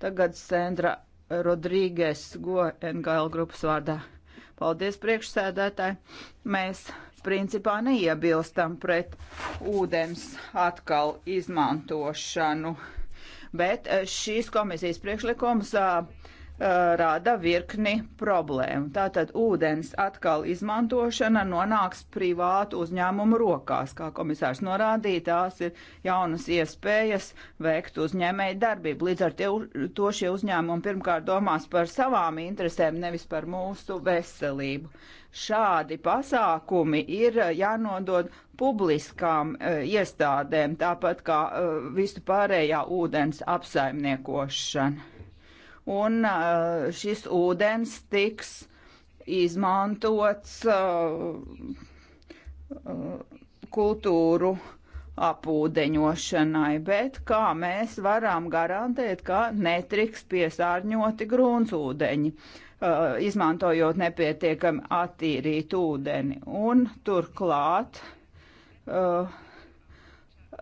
Tagad Sandra Rodrīgas go NGL grupas vārdā. Paldies priekšsēdētāji. Mēs principā neiebilstam pret ūdens atkal izmantošanu, bet eh, šīs komisijas priekšlikums uh, Uh, rada virkni problēmu. Tātad ūdens atkal izmantošana nonāks privātu uzņēmumu rokās. Kā komisārs norādīja, tās ir jaunas iespējas veikt uzņēmēju darbību. Līdz ar to šie uzņēmumi pirmkārt domās par savām interesēm, nevis par mūsu veselību. Šādi pasākumi ir jānodod publiskām uh, iestādēm, tāpat kā uh, visu pārējā ūdens apsaimniekošana un uh, šis ūdens tiks izmantots uh, uh, kultūru apūdeņošanai, bet kā mēs varam garantēt, ka netriks piesārņoti gruntsūdeņi, izmantojot nepietiekami attīrīt ūdeni. Un turklāt uh,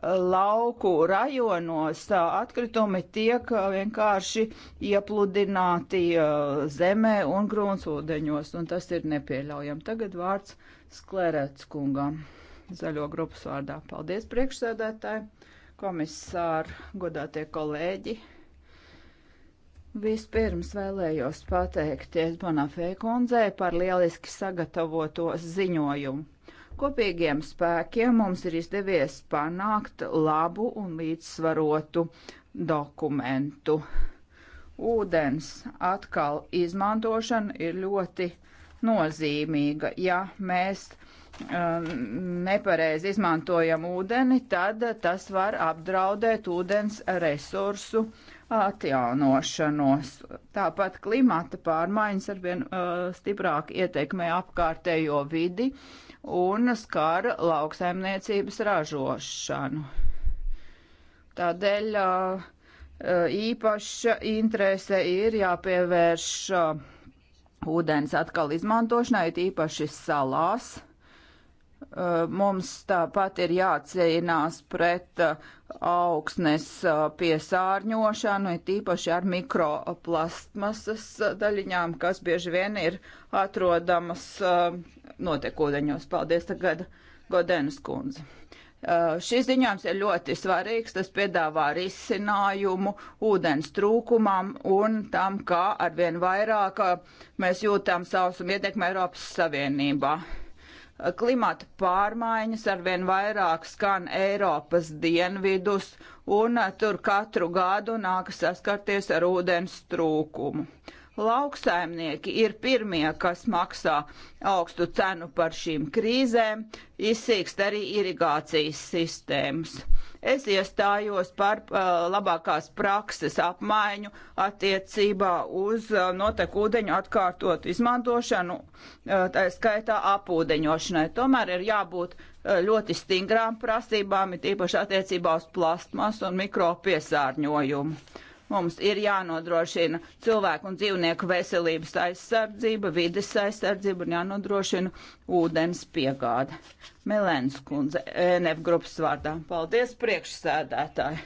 lauku rajonos atkritumi tiek vienkārši iepludināti zemē un grūnsūdeņos, un tas ir nepieļaujami. Tagad vārds Sklerēts kungam, zaļo grupas vārdā. Paldies priekšsēdētāji, komisāri, godātie kolēģi. Vispirms vēlējos pateikties Bonafē kundzei par lieliski sagatavoto ziņojumu. Kopīgiem spēkiem mums ir izdevies panākt labu un līdzsvarotu dokumentu. Ūdens atkal izmantošana ir ļoti nozīmīga. Ja mēs um, nepareizi izmantojam ūdeni, tad tas var apdraudēt ūdens resursu atjaunošanos. Tāpat klimata pārmaiņas arvien uh, stiprāk ietekmē apkārtējo vidi. Uh, un skara lauksaimniecības ražošanu. Tādēļ īpaša interese ir jāpievērš ūdens atkal izmantošanai, īpaši salās Eh, mums tāpat ir jācīnās pret eh, augsnes eh, piesārņošanu, it īpaši ar mikroplastmasas daļiņām, kas bieži vien ir atrodamas notekūdeņos. Paldies tagad Godenas kundze. Uh, šis ziņojums ir ļoti svarīgs. Tas piedāvā risinājumu ūdens trūkumam un tam, kā arvien vairāk mēs jūtām sausumu ietekmi Eiropas Savienībā. Uh, Klimata pārmaiņas arvien vairāk skan Eiropas dienvidus, un eh, tur katru gadu nākas saskarties ar ūdens trūkumu. Lauksaimnieki ir pirmie, kas maksā augstu cenu par šīm krīzēm, izsīkst arī irigācijas sistēmas Es iestājos par uh, labākās prakses apmaiņu attiecībā uz uh, notekūdeņu atkārtot izmantošanu, uh, tā skaitā apūdeņošanai. Tomēr ir jābūt ļoti stingrām prasībām, ir tīpaši attiecībā uz plastmasu un mikropiesārņojumu Mums ir jānodrošina cilvēku un dzīvnieku veselības aizsardzība, vides aizsardzība un jānodrošina ūdens piegāde. Melēns kundze, NF grupas vārdā. Paldies priekšsēdētāji.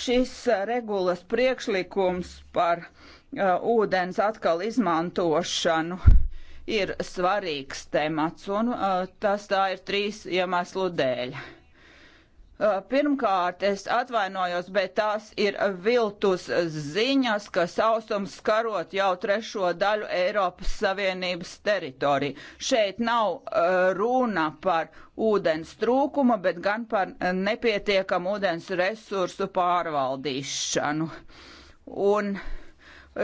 Šis eh, regulas priekšlikums par uh, ūdens atkal izmantošanu ir svarīgs temats, un uh, tas tā ir trīs iemeslu dēļ. Uh, Pirmkārt, es atvainojos, bet tās ir viltus ziņas, ka sausums skarot jau trešo daļu Eiropas Savienības teritoriju. Šeit nav runa par ūdens trūkumu, bet gan par nepietiekamu ūdens resursu pārvaldīšanu. Un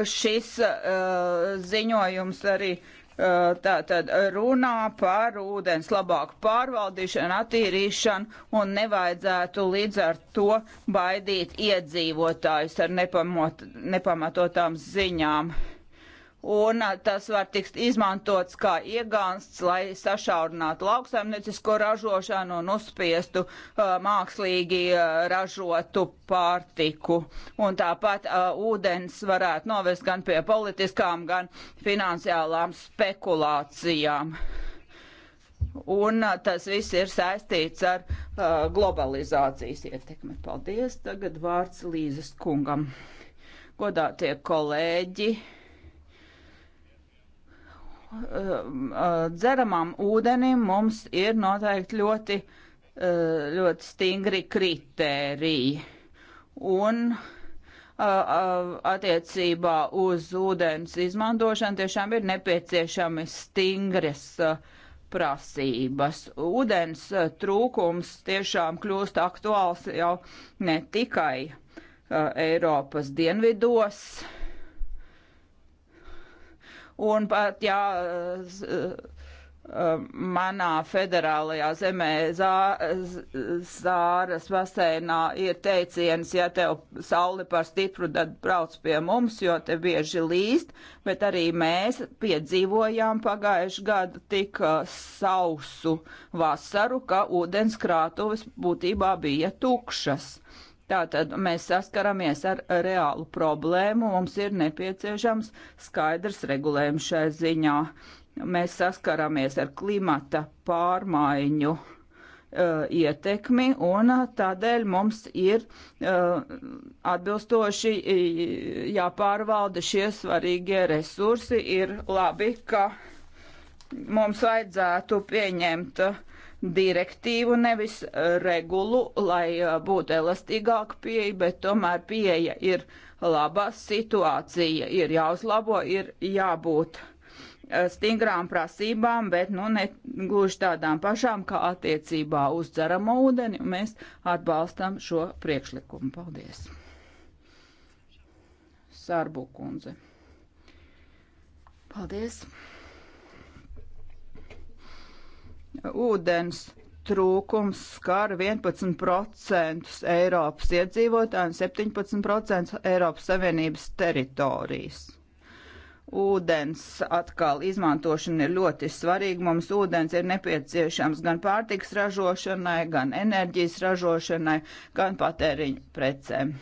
šis uh, ziņojums arī uh, Eh, tātad runā par ūdens labāku pārvaldīšanu, attīrīšanu un nevajadzētu līdz ar to baidīt iedzīvotājus ar nepamot, nepamatotām ziņām. Uh, un tas var tikt izmantots kā iegānsts, lai sašaurinātu lauksaimniecisko ražošanu un uzspiestu uh, mākslīgi uh, ražotu pārtiku. Un tāpat uh, ūdens varētu novest gan pie politiskām, gan finansiālām spekulācijām. Un uh, tas viss ir saistīts ar uh, globalizācijas ietekmi. Paldies! Tagad vārds Līzes kungam. Godātie kolēģi! Uh, Uh, dzeramam ūdenim mums ir noteikti ļoti, uh, ļoti stingri kritēriji. Un uh, attiecībā uz ūdens izmantošanu tiešām ir nepieciešami stingras prasības. Ūdens trūkums tiešām kļūst aktuāls jau ne tikai Eiropas dienvidos, Un pat, jā, e, manā federālajā zemē zā, Zāras basēnā ir teiciens, ja tev saule par stipru, tad brauc pie mums, jo te bieži līst, bet arī mēs piedzīvojām pagājuši gadu tik e, sausu vasaru, ka ūdenskrātuves būtībā bija tukšas. Uh, Tātad mēs saskaramies ar reālu problēmu, mums ir nepieciešams skaidrs regulējums šai ziņā. Mēs saskaramies ar klimata pārmaiņu uh, ietekmi, un uh, tādēļ mums ir uh, atbilstoši uh, jāpārvalda šie svarīgie resursi. Ir labi, ka mums vajadzētu pieņemt uh, direktīvu, nevis eh, regulu, lai eh, būtu elastīgāka pieeja, bet tomēr pieeja ir laba, situācija ir jāuzlabo, ir jābūt eh, stingrām prasībām, bet nu ne gluži tādām pašām kā attiecībā uz dzeramo ūdeni. Mēs atbalstam šo priekšlikumu. Paldies! Sārbu kundze. Paldies! Ūdens trūkums skar 11% Eiropas iedzīvotāju un 17% Eiropas Savienības teritorijas. Ūdens atkal izmantošana ir ļoti svarīga. Mums ūdens ir nepieciešams gan pārtiks ražošanai, gan enerģijas ražošanai, gan patēriņu precēm.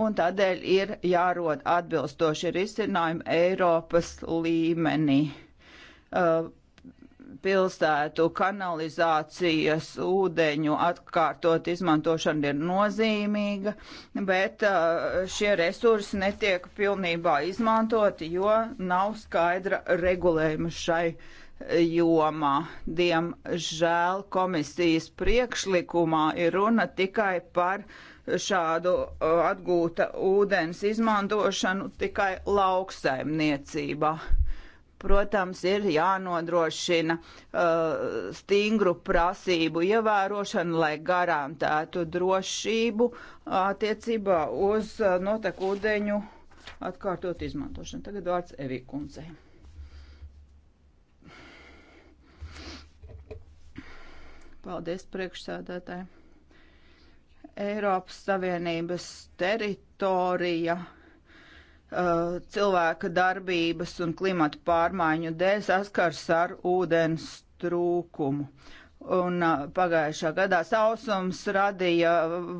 Un tādēļ ir jārod atbilstoši risinājumi Eiropas līmenī. Uh, pilsētu kanalizācijas ūdeņu atkārtot izmantošana ir nozīmīga, bet uh, šie resursi netiek pilnībā izmantoti, jo nav skaidra regulējuma šai uh, jomā. Diemžēl komisijas priekšlikumā ir runa tikai par šādu uh, atgūta ūdens izmantošanu tikai lauksaimniecībā protams, ir jānodrošina uh, stingru prasību ievērošana, lai garantētu drošību attiecībā uz uh, noteku ūdeņu atkārtot izmantošanu. Tagad vārds Evikundzei. Paldies priekšsēdētāji. Eiropas Savienības teritorija cilvēka darbības un klimatu pārmaiņu dēļ saskars ar ūdens trūkumu. Un pagājušā gadā sausums radīja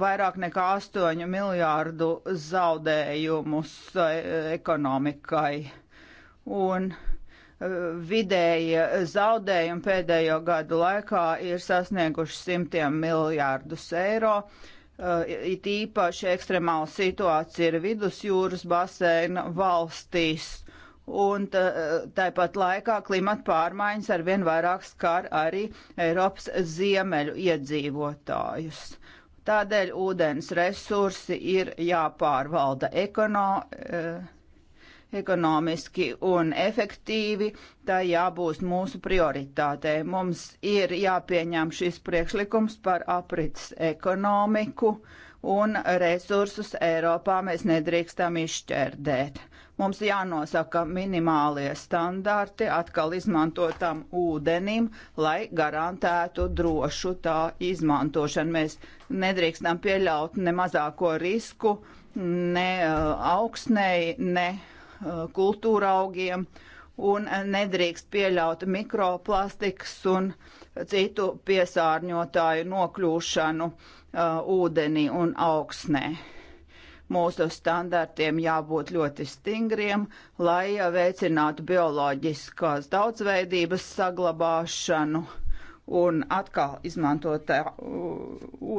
vairāk nekā 8 miljārdu zaudējumus ekonomikai. Un vidēji zaudējumi pēdējo gadu laikā ir sasnieguši simtiem miljārdus eiro. Uh, Uh, it īpaši ekstremāla situācija ir vidusjūras basēna valstīs. Un uh, tāpat laikā klimata pārmaiņas arvien vairāk skar arī Eiropas ziemeļu iedzīvotājus. Tādēļ ūdens resursi ir jāpārvalda ekonomiski uh, ekonomiski un efektīvi, tā jābūt mūsu prioritātei. Mums ir jāpieņem šis priekšlikums par aprits ekonomiku un resursus Eiropā mēs nedrīkstam izšķērdēt. Mums jānosaka minimālie standarti atkal izmantotam ūdenim, lai garantētu drošu tā izmantošanu. Mēs nedrīkstam pieļaut ne mazāko risku, ne uh, augsnei, ne Eh, kultūra augiem un nedrīkst pieļaut mikroplastikas un citu piesārņotāju nokļūšanu uh, ūdenī un augsnē. Mūsu standartiem jābūt ļoti stingriem, lai eh, veicinātu bioloģiskās daudzveidības saglabāšanu un atkal izmantot uh,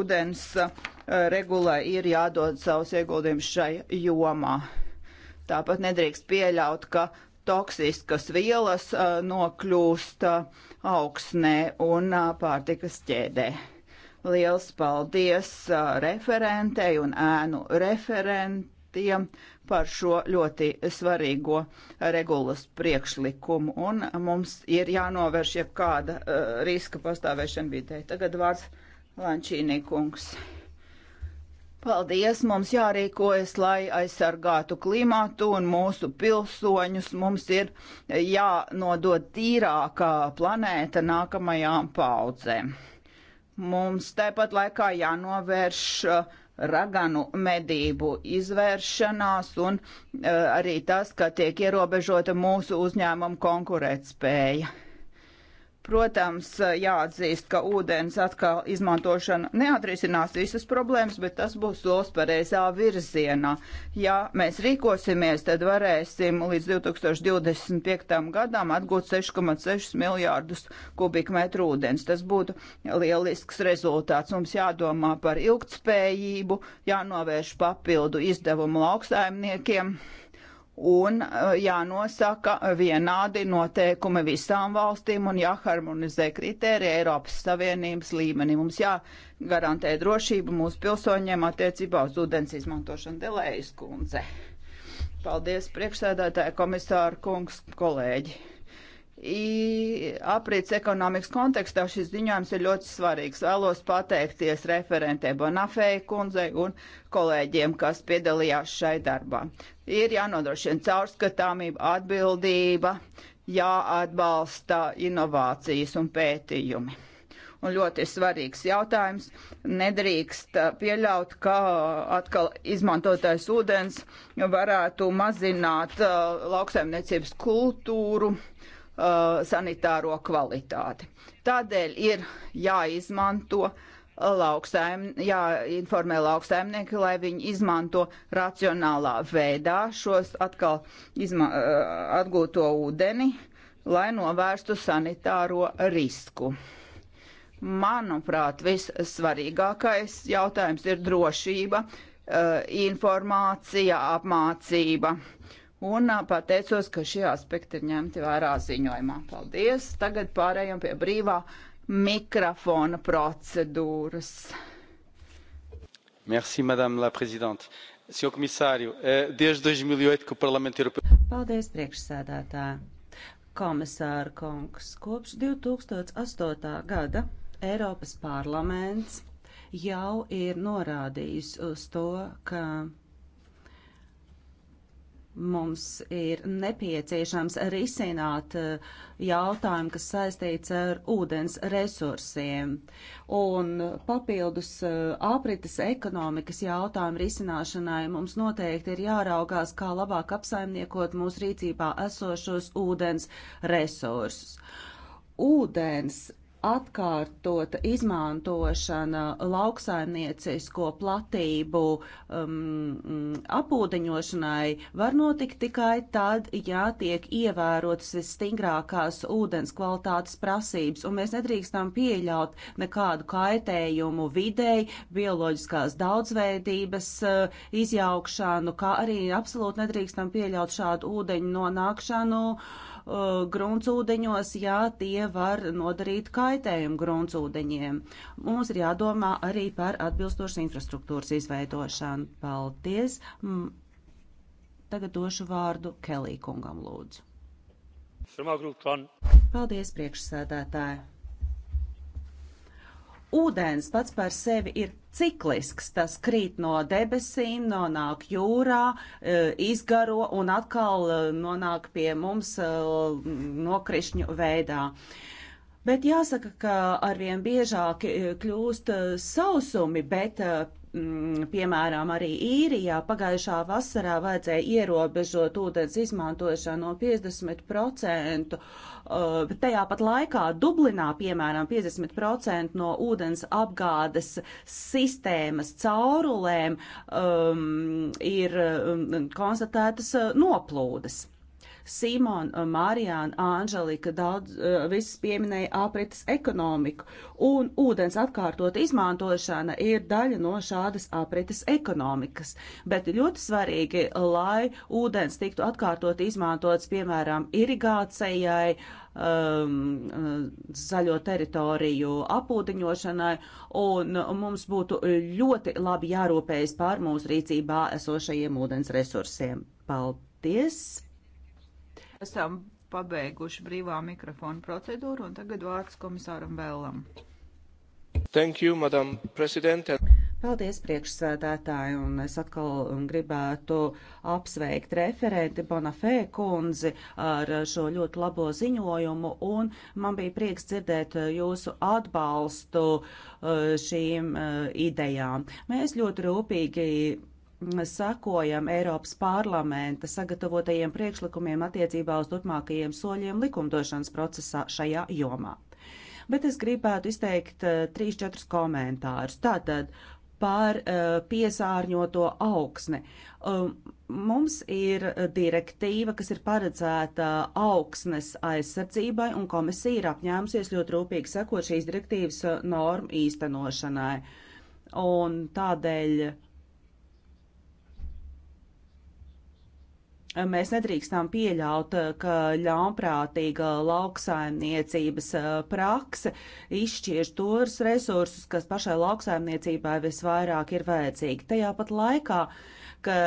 ūdens uh, regulai ir jādod savus ieguldījumus šai jomā. Uh, Tāpat nedrīkst pieļaut, ka toksiskas vielas uh, nokļūst uh, augsnē un uh, pārtikas ķēdē. Liels paldies uh, referentei un ēnu referentiem par šo ļoti svarīgo regulas priekšlikumu, un mums ir jānovērš jebkāda uh, riska pastāvēšana vidē. Tagad vārds Lančīnī kungs. Paldies! Mums jārīkojas, lai aizsargātu klimatu un mūsu pilsoņus. Mums ir jānodod tīrākā planēta nākamajām paudzēm. Mums tāpat laikā jānovērš uh, raganu medību izvēršanās un uh, arī tas, ka tiek ierobežota mūsu uzņēmuma konkurētspēja Protams, jāatzīst, ka ūdens atkal izmantošana neatrisinās visas problēmas, bet tas būs solis pareizā virzienā. Ja mēs rīkosimies, tad varēsim līdz 2025. gadam atgūt 6,6 miljārdus kubikmetru ūdens. Tas būtu lielisks rezultāts. Mums jādomā par ilgtspējību, jānovērš papildu izdevumu lauksaimniekiem un eh, jānosaka vienādi noteikumi visām valstīm un jāharmonizē kritērija Eiropas Savienības līmenī. Mums jāgarantē drošība mūsu pilsoņiem attiecībā uz ūdens izmantošanu Delējas kundze. Paldies priekšsēdētāja komisāra kungs, kolēģi! aprīts ekonomikas kontekstā šis ziņojums ir ļoti svarīgs. Vēlos pateikties referentē Bonafēja kundzei un kolēģiem, kas piedalījās šai darbā. Ir jānodrošina caurskatāmība, atbildība, jāatbalsta inovācijas un pētījumi. Un ļoti svarīgs jautājums. Nedrīkst pieļaut, ka atkal izmantotais ūdens varētu mazināt uh, lauksaimniecības kultūru, uh, uh, sanitāro kvalitāti. Tādēļ ir jāizmanto uh, lauksaim, jāinformē lauksaimnieki, lai viņi izmanto racionālā veidā šos atkal izma, uh, atgūto ūdeni, lai novērstu sanitāro risku. Manuprāt, vissvarīgākais jautājums ir drošība, uh, informācija, apmācība Un pateicos, ka šie aspekti ir ņemti vērā ziņojumā. Paldies! Tagad pārējām pie brīvā mikrofona procedūras. Merci, Madame la Présidente. Sr. Comissário, desde 2008 e que o Parlamento Europeu. Paldies, priekšsēdētā. Komisāra kungs, kopš 2008. gada Eiropas parlaments jau ir norādījis uz to, ka mums ir nepieciešams risināt eh, jautājumu, kas saistīts ar ūdens resursiem. Un papildus eh, aprites ekonomikas jautājumu risināšanai mums noteikti ir jāraugās, kā labāk apsaimniekot mūsu rīcībā esošos ūdens resursus. Ūdens atkārtota izmantošana lauksaimniecisko platību um, apūdeņošanai var notikt tikai tad, ja tiek ievērotas visstingrākās ūdens kvalitātes prasības, un mēs nedrīkstam pieļaut nekādu kaitējumu videi, bioloģiskās daudzveidības uh, izjaukšanu, kā arī absolūti nedrīkstam pieļaut šādu ūdeņu nonākšanu uh, uh, gruntsūdeņos, ja tie var nodarīt kaitējumu gruntsūdeņiem. Mums ir jādomā arī par atbilstošas infrastruktūras izveidošanu. Paldies! Tagad došu vārdu Kelī kungam lūdzu. Paldies, priekšsēdētāji! Ūdens pats par sevi ir ciklisks. Tas krīt no debesīm, nonāk jūrā, e, izgaro un atkal e, nonāk pie mums e, nokrišņu veidā. Bet jāsaka, ka arvien biežāk kļūst sausumi, bet Mm, piemēram, arī īrijā pagājušā vasarā vajadzēja ierobežot ūdens izmantošanu no 50%, bet uh, tajā pat laikā Dublinā, piemēram, 50% no ūdens apgādes sistēmas caurulēm um, ir um, konstatētas uh, noplūdes. Simona, eh, Marijāna, Anželika, daudz, eh, visas pieminēja aprites ekonomiku, un ūdens atkārtot izmantošana ir daļa no šādas aprites ekonomikas. Bet ļoti svarīgi, lai ūdens tiktu atkārtot izmantots, piemēram, irigācijai, um, zaļo teritoriju apūdeņošanai, un mums būtu ļoti labi jārūpējas pār mūsu rīcībā esošajiem ūdens resursiem. Paldies! Esam pabeiguši brīvā mikrofona procedūru un tagad vārds komisāram Vēlam. Thank you, Madam President. Paldies priekšsēdētāji, un es atkal gribētu apsveikt referenti Bonafē kundzi ar šo ļoti labo ziņojumu, un man bija prieks dzirdēt jūsu atbalstu uh, šīm uh, idejām. Mēs ļoti rūpīgi sakojam Eiropas parlamenta sagatavotajiem priekšlikumiem attiecībā uz turpmākajiem soļiem likumdošanas procesā šajā jomā. Bet es gribētu izteikt uh, eh, 3-4 komentārus. Tātad par uh, piesārņoto augsni. Um, mums ir direktīva, kas ir paredzēta augsnes aizsardzībai, un komisija ir apņēmusies ļoti rūpīgi sekot šīs direktīvas eh, normu īstenošanai. Un tādēļ uh, Mēs nedrīkstam pieļaut, eh, ka ļaunprātīga lauksaimniecības eh, prakse izšķiež tos resursus, kas pašai lauksaimniecībai visvairāk ir vajadzīgi. Tajā pat laikā, ka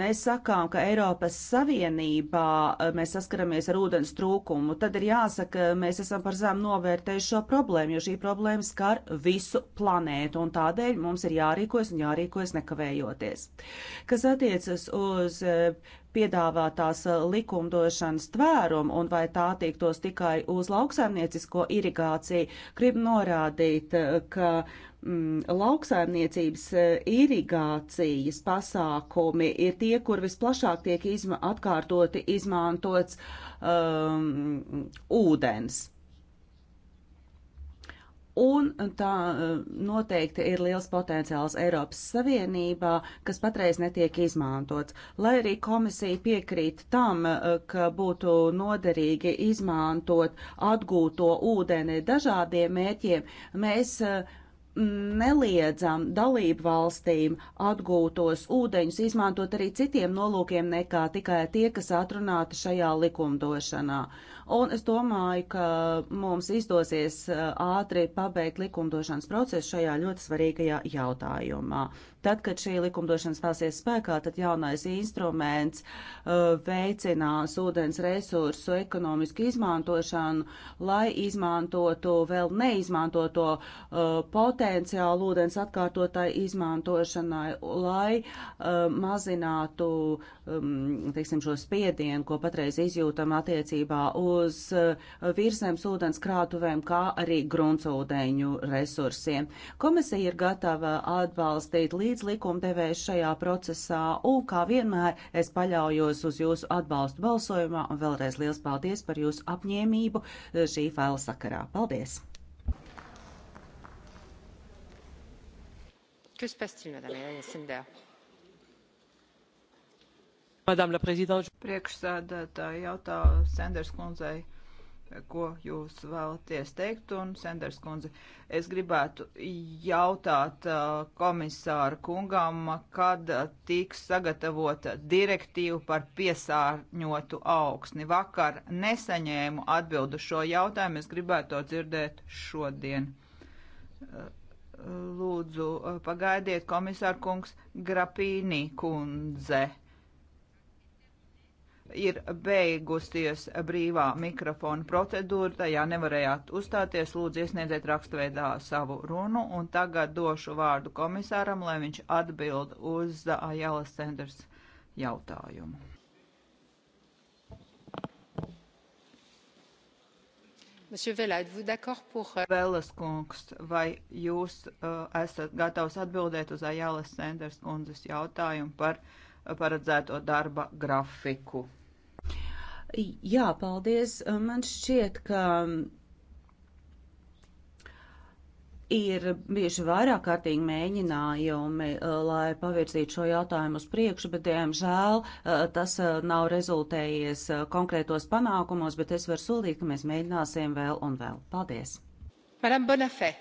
mēs sakām, ka Eiropas Savienībā eh, mēs saskaramies ar ūdens trūkumu, tad ir jāsaka, mēs esam par zem novērtējuši šo problēmu, jo šī problēma skar visu planētu, un tādēļ mums ir jārīkojas un jārīkojas nekavējoties. Kas attiecas uz piedāvātās eh, likumdošanas tvērumu un vai tā attiektos tikai uz lauksaimniecisko irigāciju, grib norādīt, eh, ka mm, lauksaimniecības eh, irigācijas pasākumi ir tie, kur visplašāk tiek izma atkārtoti izmantots um, ūdens. Un tā eh, noteikti ir liels potenciāls Eiropas Savienībā, kas patreiz netiek izmantots. Lai arī komisija piekrīt tam, eh, ka būtu noderīgi izmantot atgūto ūdeni dažādiem mēķiem, mēs eh, neliedzam dalību valstīm atgūtos ūdeņus izmantot arī citiem nolūkiem nekā tikai tie, kas atrunāti šajā likumdošanā un es domāju, ka mums izdosies uh, ātri pabeigt likumdošanas procesu šajā ļoti svarīgajā jautājumā. Tad, kad šī likumdošana stāsies spēkā, tad jaunais instruments uh, veicinās ūdens resursu ekonomisku izmantošanu, lai izmantotu vēl neizmantoto uh, potenciālu ūdens atkārtotai izmantošanai, lai uh, mazinātu um, teiksim, šo spiedienu, ko patreiz izjūtam attiecībā uz uz eh, virsēms ūdens krātuvēm, kā arī gruntsūdeņu resursiem. Komisija ir gatava atbalstīt līdz likumdevēju šajā procesā, un kā vienmēr es paļaujos uz jūsu atbalstu balsojumā, un vēlreiz liels paldies par jūsu apņēmību eh, šī faila sakarā. Paldies! Que se passe-t-il, Madame la Sénatrice Priekšsēdētāji jautā Sanders kundzei, ko jūs vēlaties teikt, un Sanders kundze, es gribētu jautāt komisāru kungam, kad tiks sagatavota direktīva par piesārņotu augsni. Vakar nesaņēmu atbildu šo jautājumu, es gribētu to dzirdēt šodien. Lūdzu, pagaidiet, komisāra kungs, Grapīnī kundze ir beigusies brīvā mikrofona procedūra, tajā nevarējāt uzstāties, lūdzu iesniedziet rakstveidā savu runu, un tagad došu vārdu komisāram, lai viņš atbild uz Ajala Sanders jautājumu. Vēlas euh, kungs, vai jūs uh, esat gatavs atbildēt uz Ajala Sanders kundzes jautājumu par uh, paredzēto darba grafiku. Jā, paldies. Man šķiet, ka ir bieži vairāk kārtīgi mēģinājumi, eh, lai pavirzītu šo jautājumu uz priekšu, bet, diemžēl, eh, tas eh, nav rezultējies konkrētos panākumos, bet es varu sūlīt, ka mēs mēģināsim vēl un vēl. Paldies! Madame Bonafé.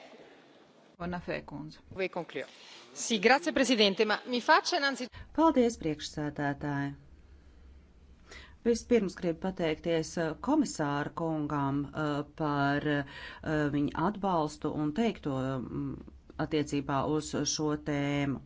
Bonafé, kundze. Oui, conclure. Sī, grazie, prezidente, ma mi faccia nanzi. Paldies, priekšsēdētāji. Vispirms gribu pateikties eh, komisāra kungam eh, par eh, viņa atbalstu un teikto mm, attiecībā uz šo tēmu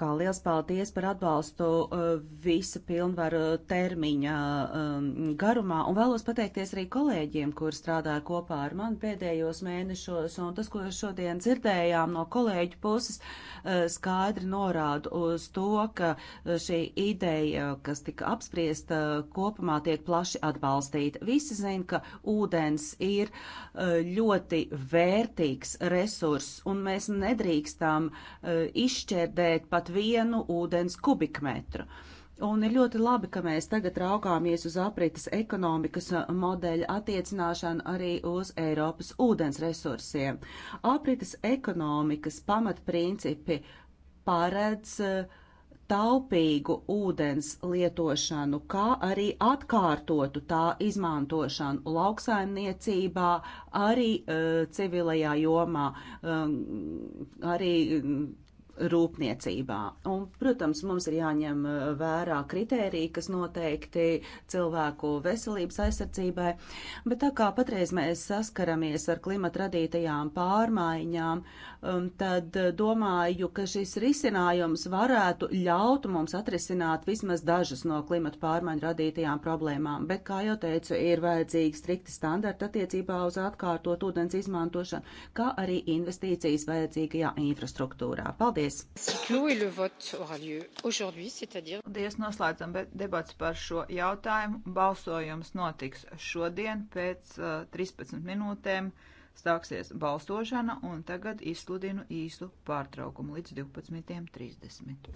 kā liels paldies par atbalstu uh, visa pilnvaru termiņa um, garumā, un vēlos pateikties arī kolēģiem, kur strādāja kopā ar mani pēdējos mēnešos, un tas, ko šodien dzirdējām no kolēģu puses, uh, skaidri norāda uz to, ka uh, šī ideja, kas tika apspriesta, kopumā tiek plaši atbalstīta. Visi zin, ka ūdens ir ļoti vērtīgs resurs, un mēs nedrīkstam izšķērdēt patērēt pat vienu ūdens kubikmetru. Un ir ļoti labi, ka mēs tagad raugāmies uz aprites ekonomikas modeļa attiecināšanu arī uz Eiropas ūdens resursiem. Aprites ekonomikas pamatprincipi paredz eh, taupīgu ūdens lietošanu, kā arī atkārtotu tā izmantošanu lauksaimniecībā, arī uh, civilajā jomā, um, arī rūpniecībā. Un, protams, mums ir jāņem eh, vērā kritēriji, kas noteikti cilvēku veselības aizsardzībai, bet tā kā patreiz mēs saskaramies ar klimata radītajām pārmaiņām, um, tad eh, domāju, ka šis risinājums varētu ļaut mums atrisināt vismaz dažas no klimata pārmaiņu radītajām problēmām, bet, kā jau teicu, ir vajadzīgi strikti standarti attiecībā uz atkārtot ūdens izmantošanu, kā arī investīcijas vajadzīgajā infrastruktūrā. Paldies! Paldies! Paldies, noslēdzam debats par šo jautājumu. Balsojums notiks šodien pēc uh, 13 minūtēm. Stāksies balsošana un tagad izsludinu īsu pārtraukumu līdz 12.30.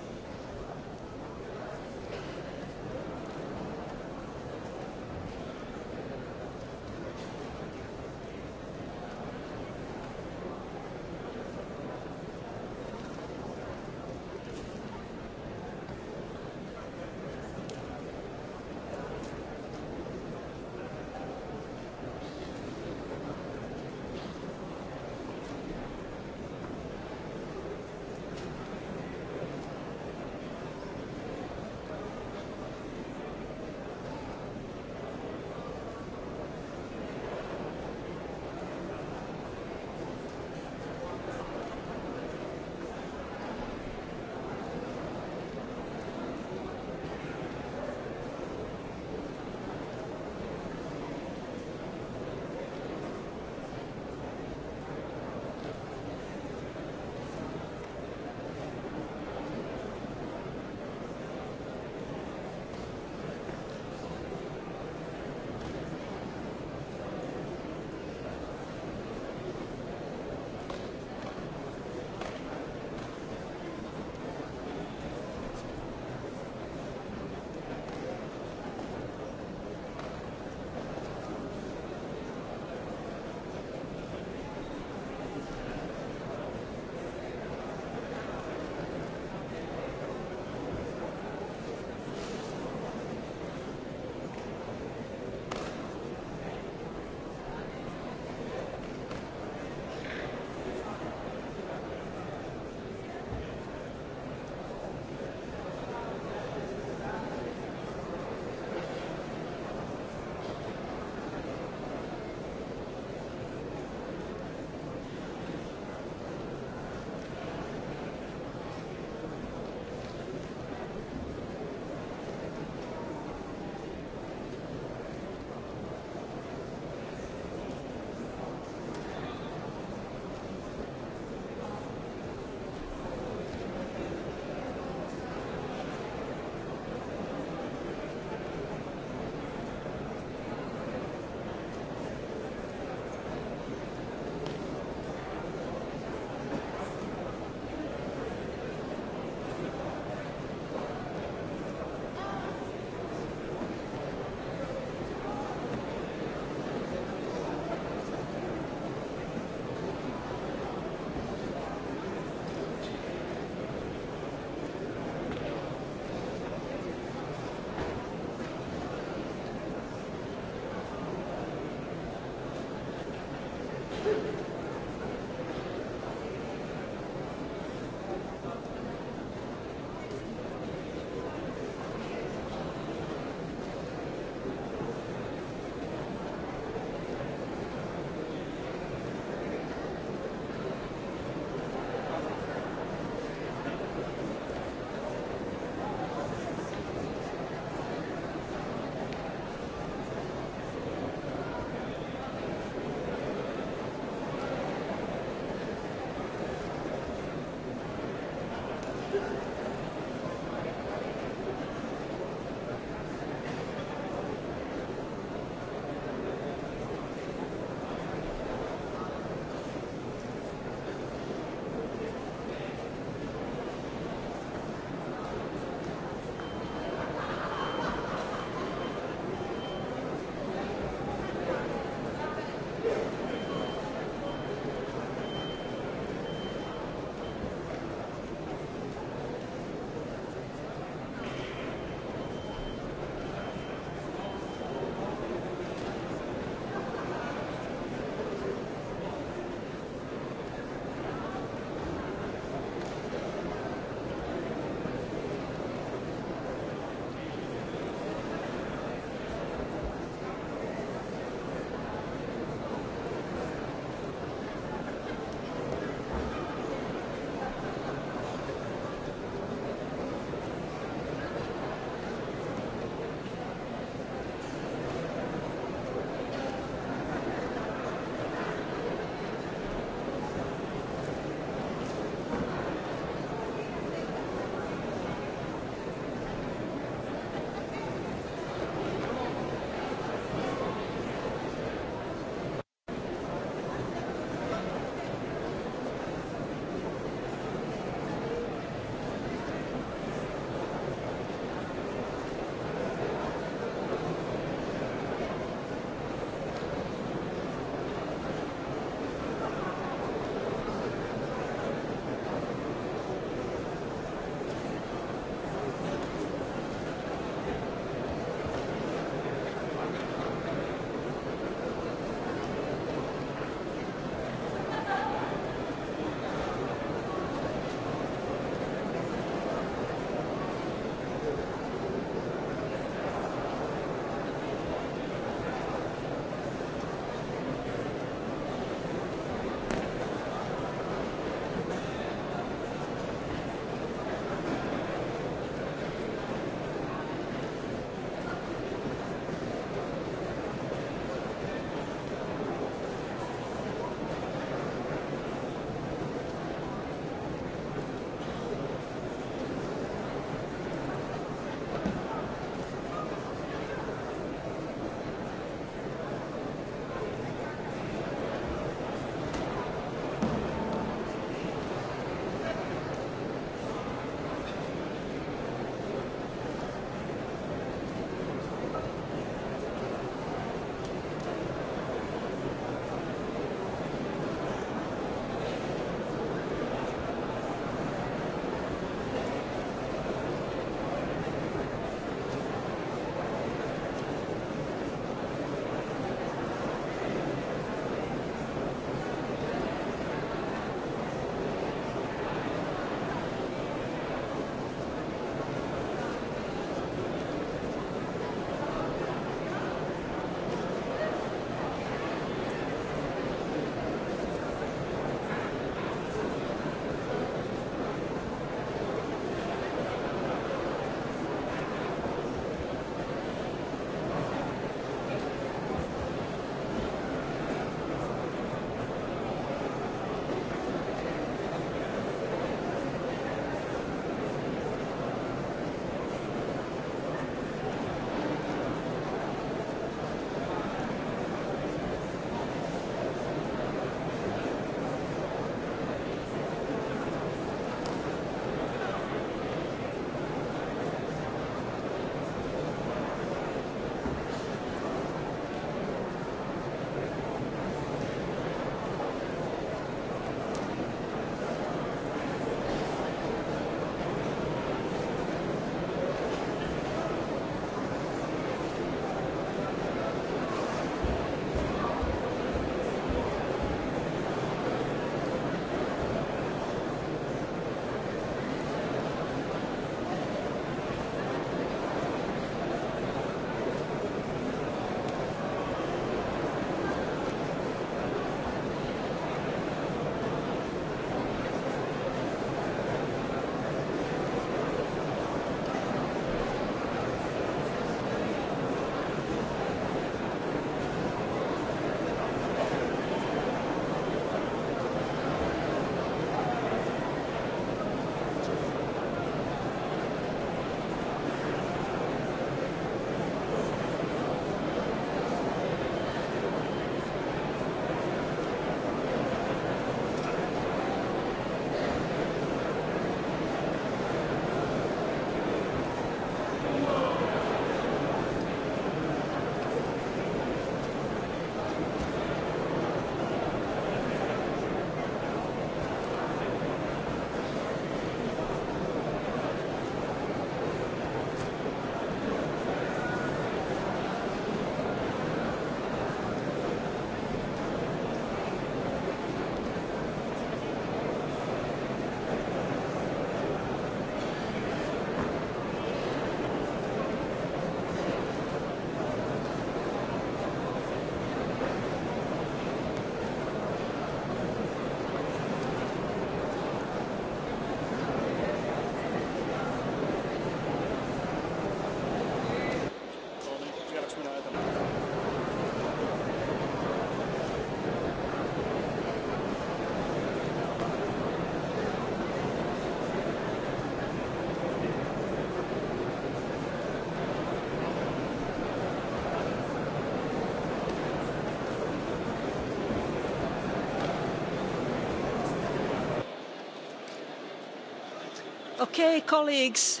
Okay, colleagues,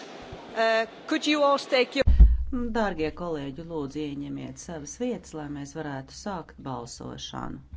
uh, could you all take your... Dārgie kolēģi, lūdzu ieņemiet savas vietas, lai mēs varētu sākt balsošanu.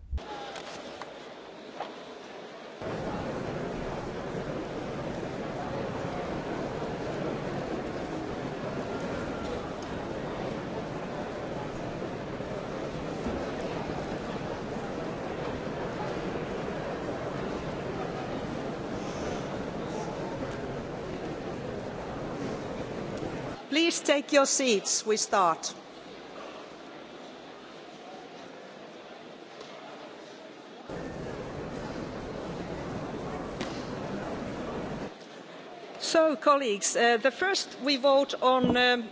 take your seats. We start. So, colleagues, uh, the first we vote on. Um...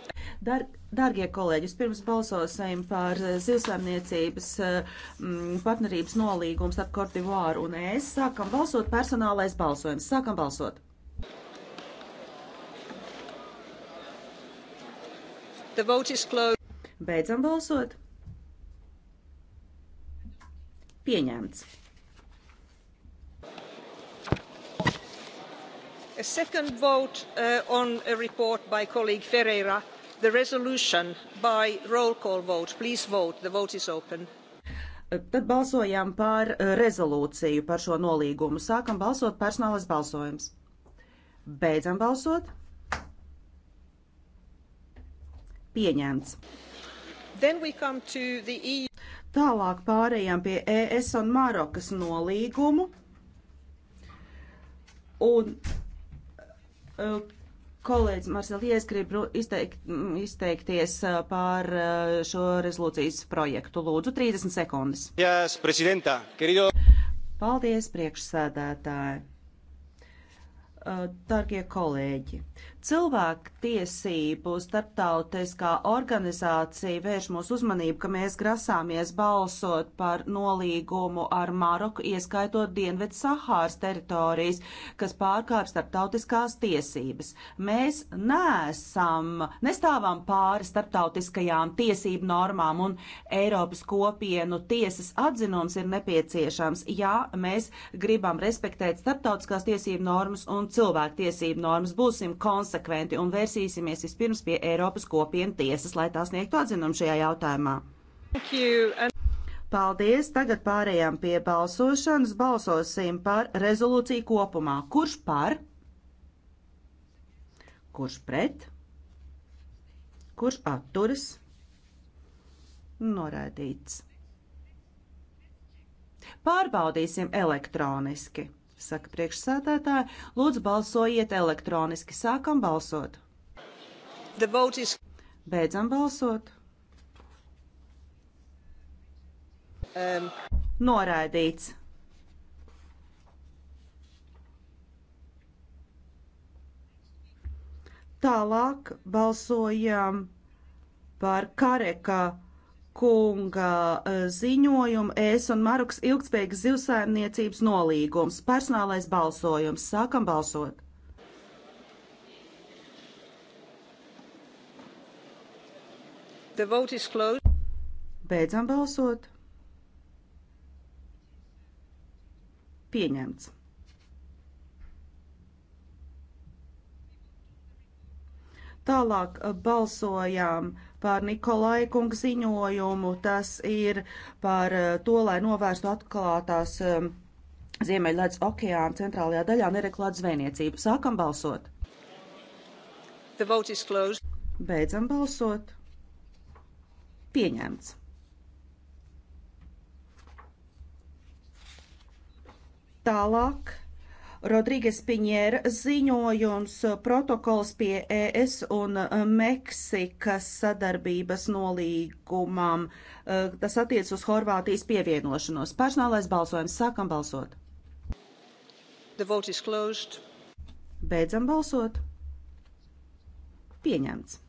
Dar Dargie kolēģi, pirms balsosim par uh, zivsaimniecības uh, mm, partnerības nolīgumu starp Kortivāru un ES, sākam balsot personālais balsojums. Sākam balsot! The vote is closed. Beidzam balsot. Pieņemts. A second vote uh, on a report by colleague Ferreira, the resolution by roll call vote. Please vote. The vote is open. Tad balsojām par uh, rezolūciju par šo nolīgumu. Sākam balsot personālais balsojums. Beidzam balsot. pieņemts. E Tālāk pārējām pie ES un Marokas nolīgumu. Un uh, kolēģis Marselies grib izteikt, mm, izteikties uh, par uh, šo rezolūcijas projektu. Lūdzu, 30 sekundes. Yes, querido... Paldies, priekšsēdētāji. Uh, Dargie kolēģi, Cilvēktiesību starptautiskā organizācija vērš mūsu uzmanību, ka mēs grasāmies balsot par nolīgumu ar Maroku, ieskaitot Dienvidu Sahāras teritorijas, kas pārkāpj starptautiskās tiesības. Mēs neesam, nestāvam pāri starptautiskajām tiesību normām un Eiropas kopienu tiesas atzinums ir nepieciešams, ja mēs gribam respektēt starptautiskās tiesību normas un cilvēktiesību normas. Būsim konsekventi konsekventi un vērsīsimies vispirms pie Eiropas kopienu tiesas, lai tās sniegtu atzinumu šajā jautājumā. Paldies! Tagad pārējām pie balsošanas. Balsosim par rezolūciju kopumā. Kurš par? Kurš pret? Kurš atturas? Norādīts. Pārbaudīsim elektroniski saka priekšsēdētāji. Lūdzu, balsojiet elektroniski. Sākam balsot. Is... Beidzam balsot. Um. Noraidīts. Tālāk balsojam par Kareka kunga eh, ziņojumu Es un Maruks ilgspējīgas zivsaimniecības nolīgums. Personālais balsojums. Sākam balsot. The vote is closed. Beidzam balsot. Pieņemts. Tālāk eh, balsojām par Nikolai kungu ziņojumu. Tas ir par eh, to, lai novērstu atklātās eh, Ziemeļlēdz okeāna centrālajā daļā nereklāt zvejniecību. Sākam balsot. Beidzam balsot. Pieņemts. Tālāk Rodrīgas Piņēra ziņojums eh, protokols pie ES un eh, Meksikas sadarbības nolīgumam. Eh, tas attiec uz Horvātijas pievienošanos. Personālais balsojums. Sākam balsot. The vote is closed. Beidzam balsot. Pieņemts.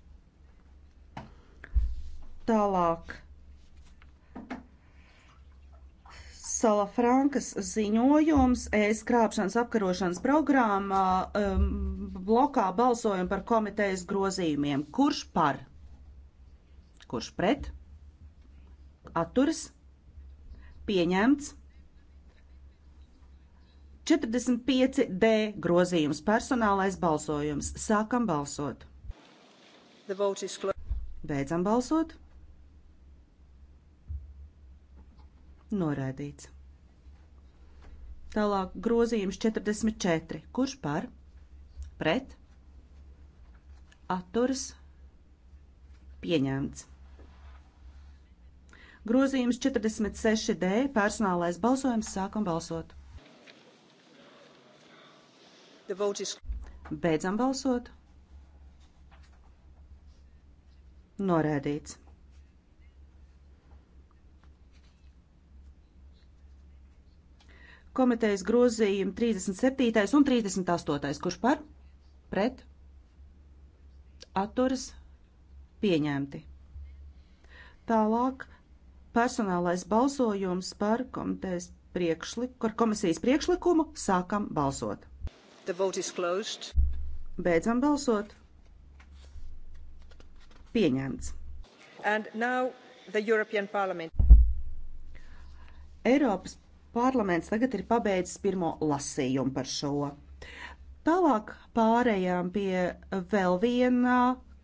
Tālāk. Sala Frankas ziņojums ēs krāpšanas apkarošanas programmā um, blokā balsojumu par komitejas grozījumiem. Kurš par? Kurš pret? Atturas? Pieņemts. 45D grozījums personālais balsojums. Sākam balsot. Beidzam balsot. Noraidīts. Tālāk grozījums 44. Kurš par? Pret? Atturas? Pieņemts. Grozījums 46D. Personālais balsojums. Sākam balsot. Is... Beidzam balsot. Norēdīts. komitejas grozījumi 37. un 38. kurš par, pret, atturas, pieņemti. Tālāk personālais balsojums par komitejas priekšlikumu, par komisijas priekšlikumu sākam balsot. The vote is closed. Beidzam balsot. Pieņemts. And now the European Parliament. Eiropas Parlaments tagad ir pabeidzis pirmo lasījumu par šo. Tālāk pārējām pie vēl vienā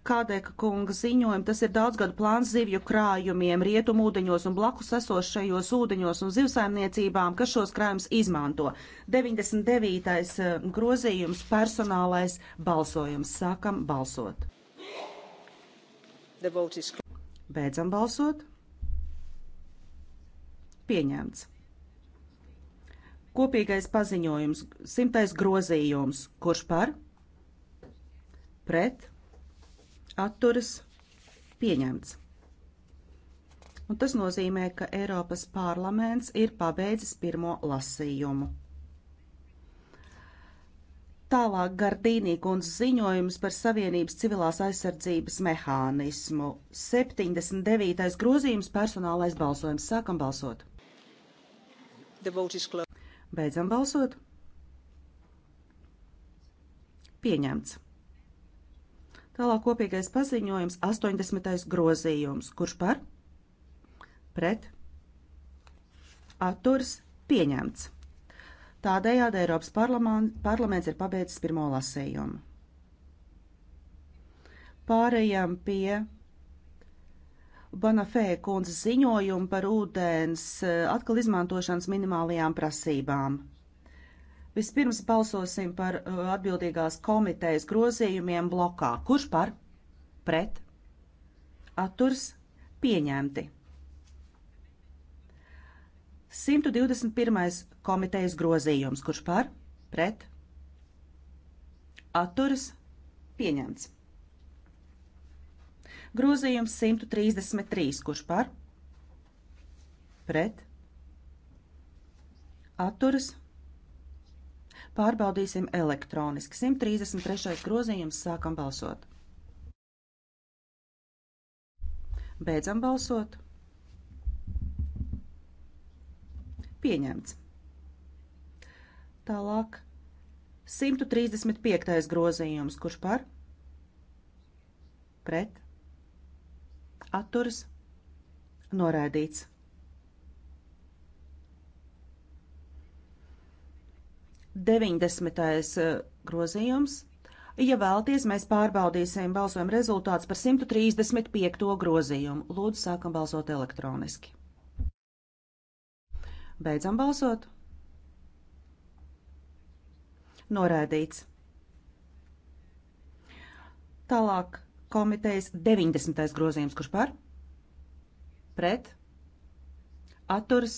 Kādēka kunga ziņojumu, tas ir daudzgadu plāns zivju krājumiem, rietumu ūdeņos un blakus esošajos ūdeņos un zivsaimniecībām, kas šos krājumus izmanto. 99. Eh, grozījums personālais balsojums. Sākam balsot. Is... Beidzam balsot. Pieņemts. Kopīgais paziņojums, simtais grozījums, kurš par, pret, atturas, pieņemts. Un tas nozīmē, ka Eiropas parlaments ir pabeidzis pirmo lasījumu. Tālāk Gardīnī kundze ziņojums par Savienības civilās aizsardzības mehānismu. 79. grozījums personālais balsojums. Sākam balsot. Beidzam balsot. Pieņemts. Tālāk kopīgais paziņojums 80. grozījums. Kurš par? Pret. Atturs pieņemts. Tādējādi Eiropas parlaments ir pabeidzis pirmo lasējumu. Pārējām pie Banafē kundzes ziņojumu par ūdens eh, atkal izmantošanas minimālajām prasībām. Vispirms balsosim par eh, atbildīgās komitejas grozījumiem blokā. Kurš par? Pret? Atturs? Pieņemti. 121. komitejas grozījums, kurš par, pret, atturas, pieņemts. Grozījums 133. Kurš par? Pret. Atturas. Pārbaudīsim elektroniski. 133. grozījums sākam balsot. Beidzam balsot. Pieņemts. Tālāk 135. grozījums, kurš par? Pret atturas noraidīts. Deviņdesmitais eh, grozījums. Ja vēlties, mēs pārbaudīsim balsojuma rezultātus par 135. grozījumu. Lūdzu, sākam balsot elektroniski. Beidzam balsot. Noraidīts. Tālāk komitejas 90. grozījums, kurš par? Pret. Atturs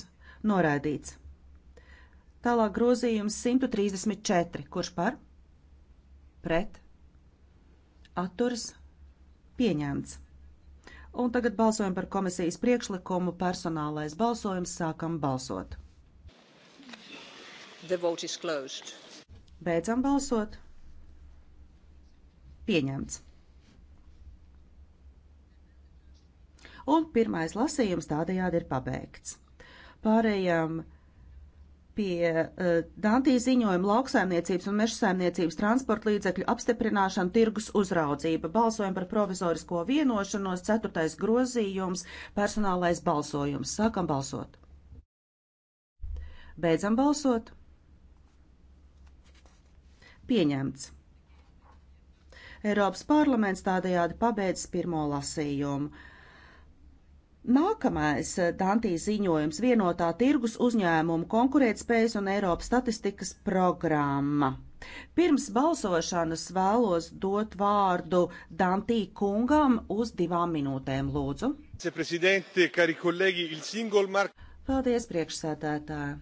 noraidīts. Tālāk grozījums 134, kurš par? Pret. Atturs pieņemts. Un tagad balsojam par komisijas priekšlikumu personālais balsojums, sākam balsot. The vote is closed. Beidzam balsot. Pieņemts. un pirmais lasījums tādējādi ir pabeigts. Pārējām pie uh, Dantī ziņojuma lauksaimniecības un meža saimniecības transporta līdzekļu apstiprināšana tirgus uzraudzība. Balsojam par provizorisko vienošanos, ceturtais grozījums, personālais balsojums. Sākam balsot. Beidzam balsot. Pieņemts. Eiropas parlaments tādējādi pabeidz pirmo lasījumu. Nākamais eh, Dantijas ziņojums - vienotā tirgus uzņēmumu konkurētspējas un Eiropas statistikas programma. Pirms balsošanas vēlos dot vārdu Dantī kungam uz divām minūtēm, lūdzu. Paldies, priekšsēdētāji!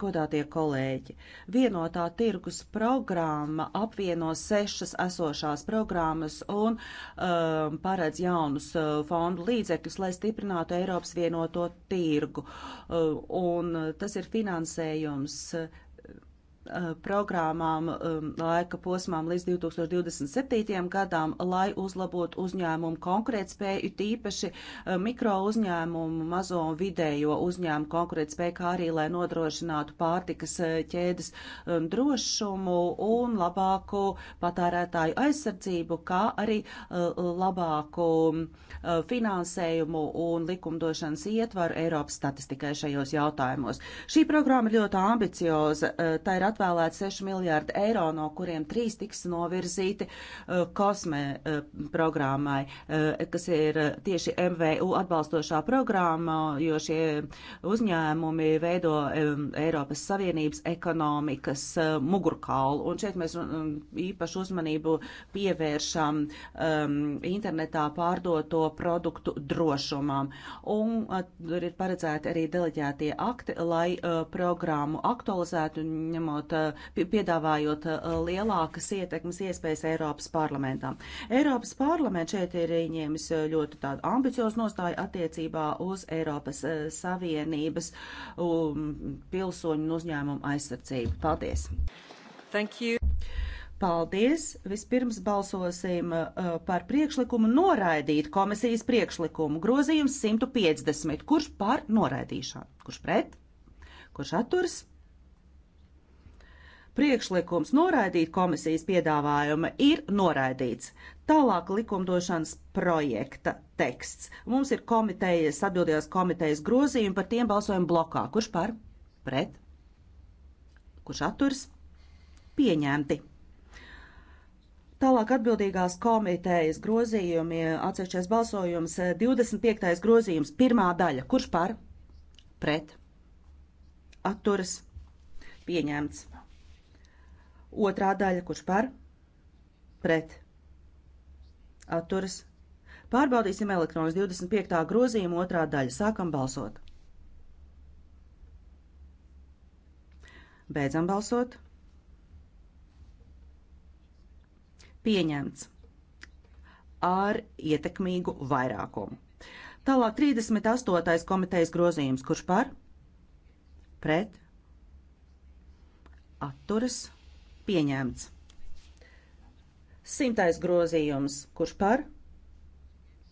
Godātie kolēģi, vienotā tirgus programma apvieno sešas esošās programmas un um, paredz jaunus uh, fondu līdzekļus, lai stiprinātu Eiropas vienoto tirgu. Uh, un tas ir finansējums. Uh, Eh, programmām eh, laika posmām līdz 2027. gadām, lai uzlabotu uzņēmumu konkurētspēju, tīpaši eh, mikro uzņēmumu, mazo un vidējo uzņēmumu konkurētspēju, kā arī, lai nodrošinātu pārtikas ķēdes drošumu un labāku patērētāju aizsardzību, kā arī labāku finansējumu un likumdošanas ietvaru Eiropas statistikai šajos jautājumos. Šī programma ir ļoti ambicioza. Tā ir atvēlēti 6 miljārdi eiro, no kuriem 3 tiks novirzīti uh, kosmē uh, programmai, uh, kas ir uh, tieši MVU atbalstošā programma, jo šie uzņēmumi veido um, Eiropas Savienības ekonomikas uh, mugurkaulu. Un šeit mēs um, īpašu uzmanību pievēršam um, internetā pārdoto produktu drošumam. Un uh, tur ir paredzēti arī deleģētie akti, lai uh, programmu aktualizētu, ņemot pievienot, piedāvājot uh, lielākas ietekmes iespējas Eiropas parlamentam. Eiropas parlaments šeit ir ieņēmis uh, ļoti tādu ambiciozu nostāju attiecībā uz Eiropas uh, Savienības um, pilsoņu un uzņēmumu aizsardzību. Paldies! Thank you. Paldies! Vispirms balsosim uh, par priekšlikumu noraidīt komisijas priekšlikumu. Grozījums 150. Kurš par noraidīšanu? Kurš pret? Kurš atturs? Priekšlikums noraidīt komisijas piedāvājuma ir noraidīts. Tālāk likumdošanas projekta teksts. Mums ir komitejas, atbildījās komitejas grozījumi, par tiem balsojam blokā. Kurš par? Pret? Kurš atturs? Pieņemti. Tālāk atbildīgās komitejas grozījumi, atsevišķais balsojums, 25. Eh, grozījums, pirmā daļa. Kurš par? Pret. Atturas. Pieņemts. Otrā daļa, kurš par, pret, atturas. Pārbaudīsim elektronas 25. grozījuma otrā daļa. Sākam balsot. Beidzam balsot. Pieņemts ar ietekmīgu vairākumu. Tālāk 38. komitejas grozījums, kurš par, pret, atturas, Pieņemts. Simtais grozījums, kurš par,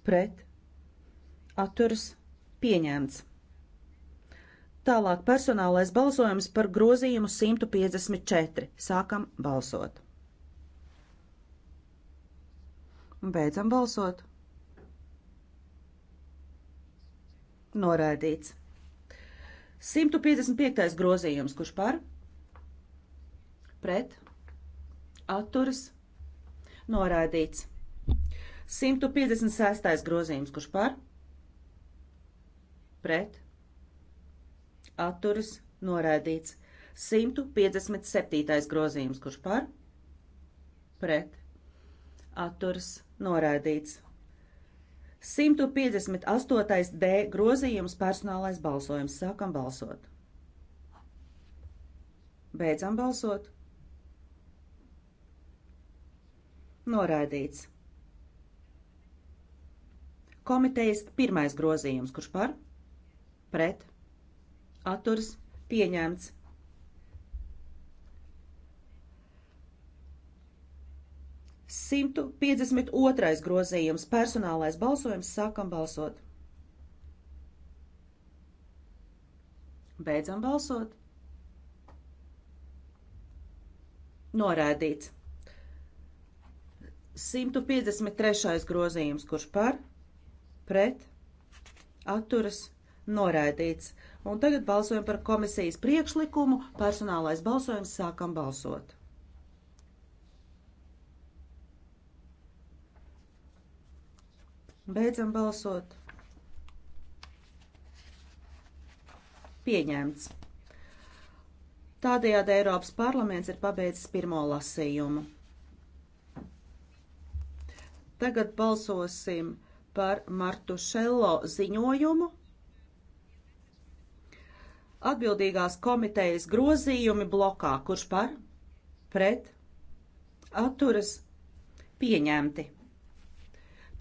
pret, atturas, pieņemts. Tālāk personālais balsojums par grozījumu 154. Sākam balsot. Un beidzam balsot. Norādīts. 155. grozījums, kurš par? pret, atturas, noraidīts. 156. grozījums, kurš par, pret, atturas, noraidīts. 157. grozījums, kurš par, pret, atturas, noraidīts. 158. D grozījums personālais balsojums. Sākam balsot. Beidzam balsot. Noraidīts. Komitejas pirmais grozījums, kurš par? Pret. Atturs pieņemts. Simtu piecdesmit otrais grozījums - personālais balsojums. Sākam balsot. Beidzam balsot. Norādīts. 153. grozījums, kurš par, pret, atturas, noraidīts. Un tagad balsojam par komisijas priekšlikumu. Personālais balsojums sākam balsot. Beidzam balsot. Pieņemts. Tādējādi Eiropas parlaments ir pabeidzis pirmo lasījumu. Tagad balsosim par Martušello ziņojumu. Atbildīgās komitejas grozījumi blokā, kurš par, pret, atturas, pieņemti.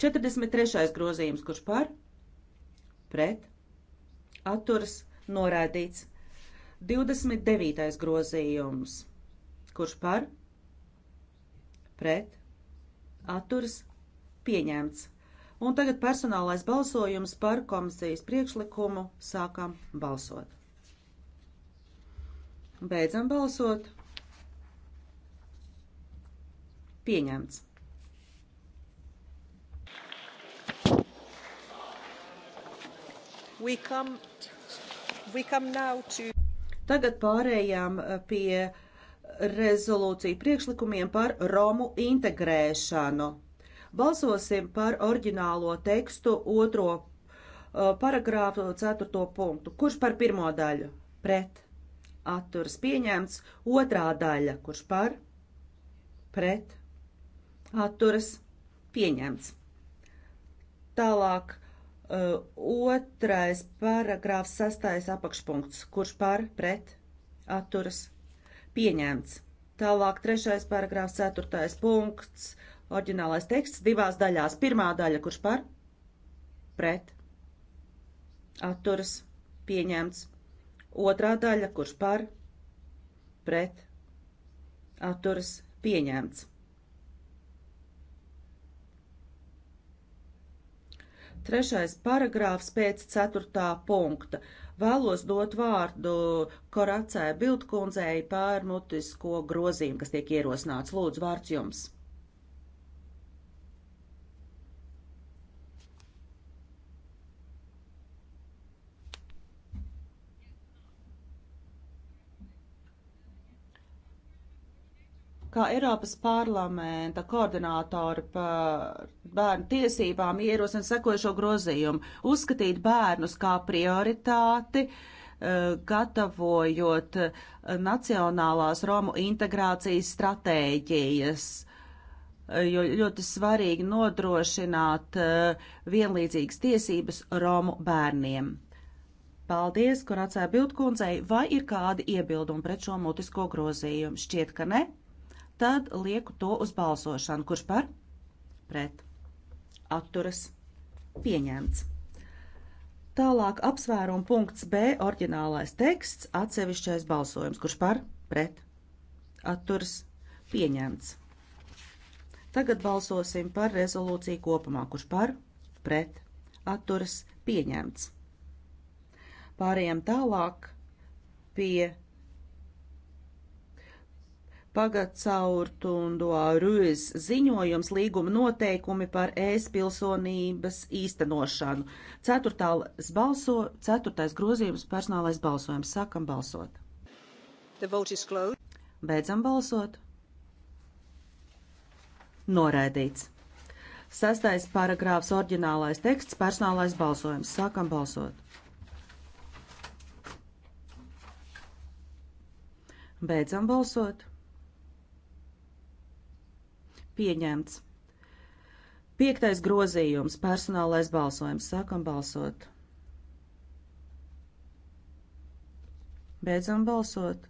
43. grozījums, kurš par, pret, atturas, noraidīts. 29. grozījums, kurš par, pret, atturas, Pieņemts. Un tagad personālais balsojums par komisijas priekšlikumu. Sākam balsot. Beidzam balsot. Pieņemts. We come, we come to... Tagad pārējām eh, pie rezolūciju priekšlikumiem par Romu integrēšanu. Balsosim par oriģinālo tekstu otro uh, paragrāfu ceturto punktu. Kurš par pirmo daļu? Pret. Atturas pieņemts. Otrā daļa. Kurš par? Pret. Atturas pieņemts. Tālāk. Uh, otrais paragrāfs sastais apakšpunkts. Kurš par? Pret. Atturas pieņemts. Tālāk trešais paragrāfs ceturtais punkts. Orģinālais teksts divās daļās. Pirmā daļa, kurš par, pret, atturas, pieņemts. Otrā daļa, kurš par, pret, atturas, pieņemts. Trešais paragrāfs pēc ceturtā punkta. Vēlos dot vārdu Koracē Bildkundzei pār mutisko grozījumu, kas tiek ierosināts. Lūdzu, vārds jums! kā Eiropas parlamenta koordinātori par bērnu tiesībām ierosina sekojušo grozījumu - uzskatīt bērnus kā prioritāti, eh, gatavojot eh, nacionālās Romu integrācijas stratēģijas, eh, jo ļoti svarīgi nodrošināt vienlīdzīgas tiesības Romu bērniem. Paldies, Koracē Bildkundzei, vai ir kādi iebildumi pret šo mutisko grozījumu? Šķiet, ka ne. Tad lieku to uz balsošanu. Kurš par? Pret. Atturas. Pieņemts. Tālāk apsvērumu punkts B orģinālais teksts atsevišķais balsojums. Kurš par? Pret. Atturas. Pieņemts. Tagad balsosim par rezolūciju kopumā. Kurš par? Pret. Atturas. Pieņemts. Pārējām tālāk pie pagacaur tundo Ruiz ziņojums līguma noteikumi par e-pilsonības īstenošanu. Ceturtās balso, ceturtais grozījums personālais balsojums. Sākam balsot. Beidzam balsot. Noraidīts. Sastais paragrāfs oriģinālais teksts personālais balsojums. Sākam balsot. Beidzam balsot. Pieņemts. Piektais grozījums - personālais balsojums. Sākam balsot. Beidzam balsot.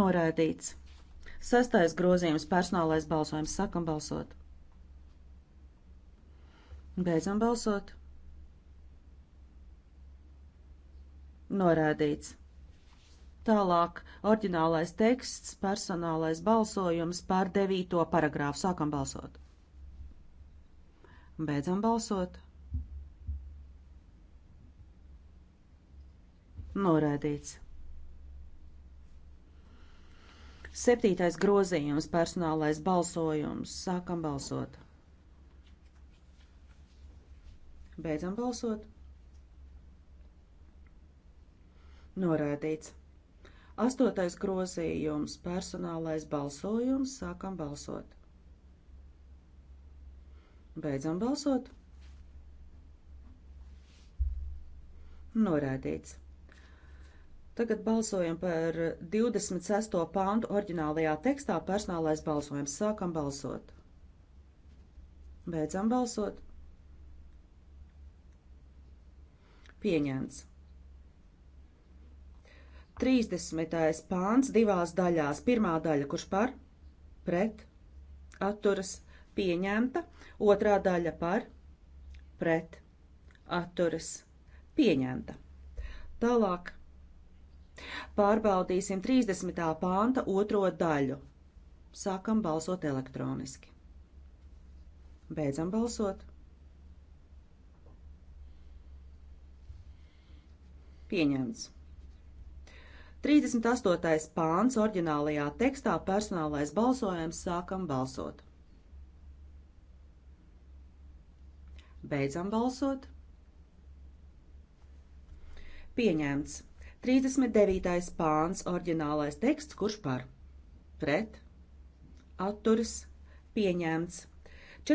Noraidīts. Sastais grozījums - personālais balsojums. Sākam balsot. Beidzam balsot. Norādīts. Tālāk, oriģinālais teksts, personālais balsojums par devīto paragrāfu. Sākam balsot. Beidzam balsot. Noraidīts. Septītais grozījums - personālais balsojums. Sākam balsot. Beidzam balsot. Norādīts. Astotais grozījums - personālais balsojums. Sākam balsot. Beidzam balsot. Norēdīts. Tagad balsojam par 26. pāntu oriģinālajā tekstā - personālais balsojums. Sākam balsot. Beidzam balsot. Pieņemts. 30. pāns divās daļās. Pirmā daļa, kurš par, pret, atturas, pieņemta. Otrā daļa par, pret, atturas, pieņemta. Tālāk pārbaudīsim 30. pānta otro daļu. Sākam balsot elektroniski. Beidzam balsot. Pieņemts. 38. pāns oriģinālajā tekstā personālais balsojums sākam balsot. Beidzam balsot. Pieņemts. 39. pāns oriģinālais teksts, kurš par? Pret. Atturis. Pieņemts.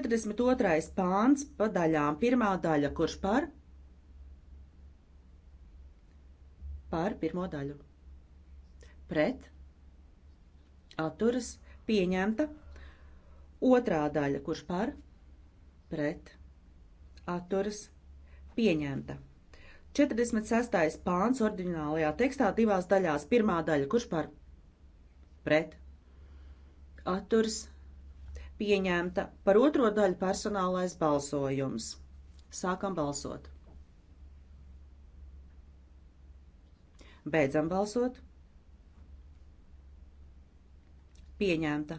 42. pāns pa daļām. Pirmā daļa, kurš par? Par pirmo daļu pret, atturas, pieņemta. Otrā daļa, kurš par, pret, atturas, pieņemta. 46. pāns ordinālajā tekstā divās daļās. Pirmā daļa, kurš par, pret, atturas, pieņemta. Par otro daļu personālais balsojums. Sākam balsot. Beidzam balsot pieņemta.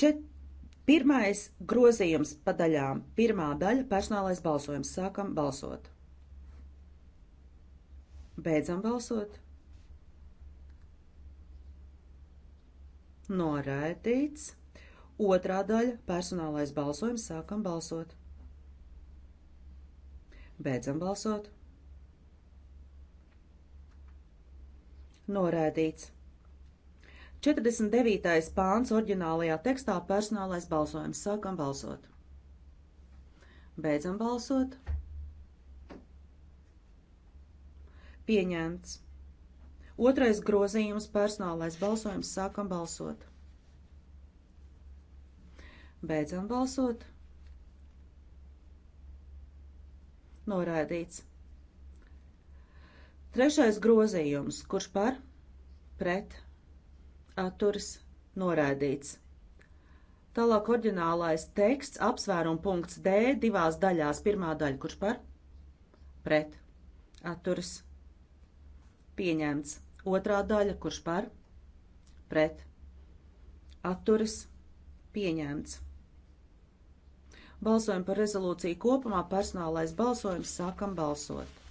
Čet... Pirmais grozījums pa daļām. Pirmā daļa - personālais balsojums. Sākam balsot. Beidzam balsot. Noraidīts. Otrā daļa - personālais balsojums. Sākam balsot. Beidzam balsot. Noraidīts. 49. pāns oriģinālajā tekstā personālais balsojums. Sākam balsot. Beidzam balsot. Pieņemts. Otrais grozījums personālais balsojums. Sākam balsot. Beidzam balsot. Noraidīts. Trešais grozījums. Kurš par? Pret atturas norādīts. Tālāk oriģinālais teksts apsvērumu punkts D divās daļās. Pirmā daļa, kurš par? Pret. Atturas. Pieņemts. Otrā daļa, kurš par? Pret. Atturas. Pieņemts. Balsojam par rezolūciju kopumā. Personālais balsojums. Sākam balsot.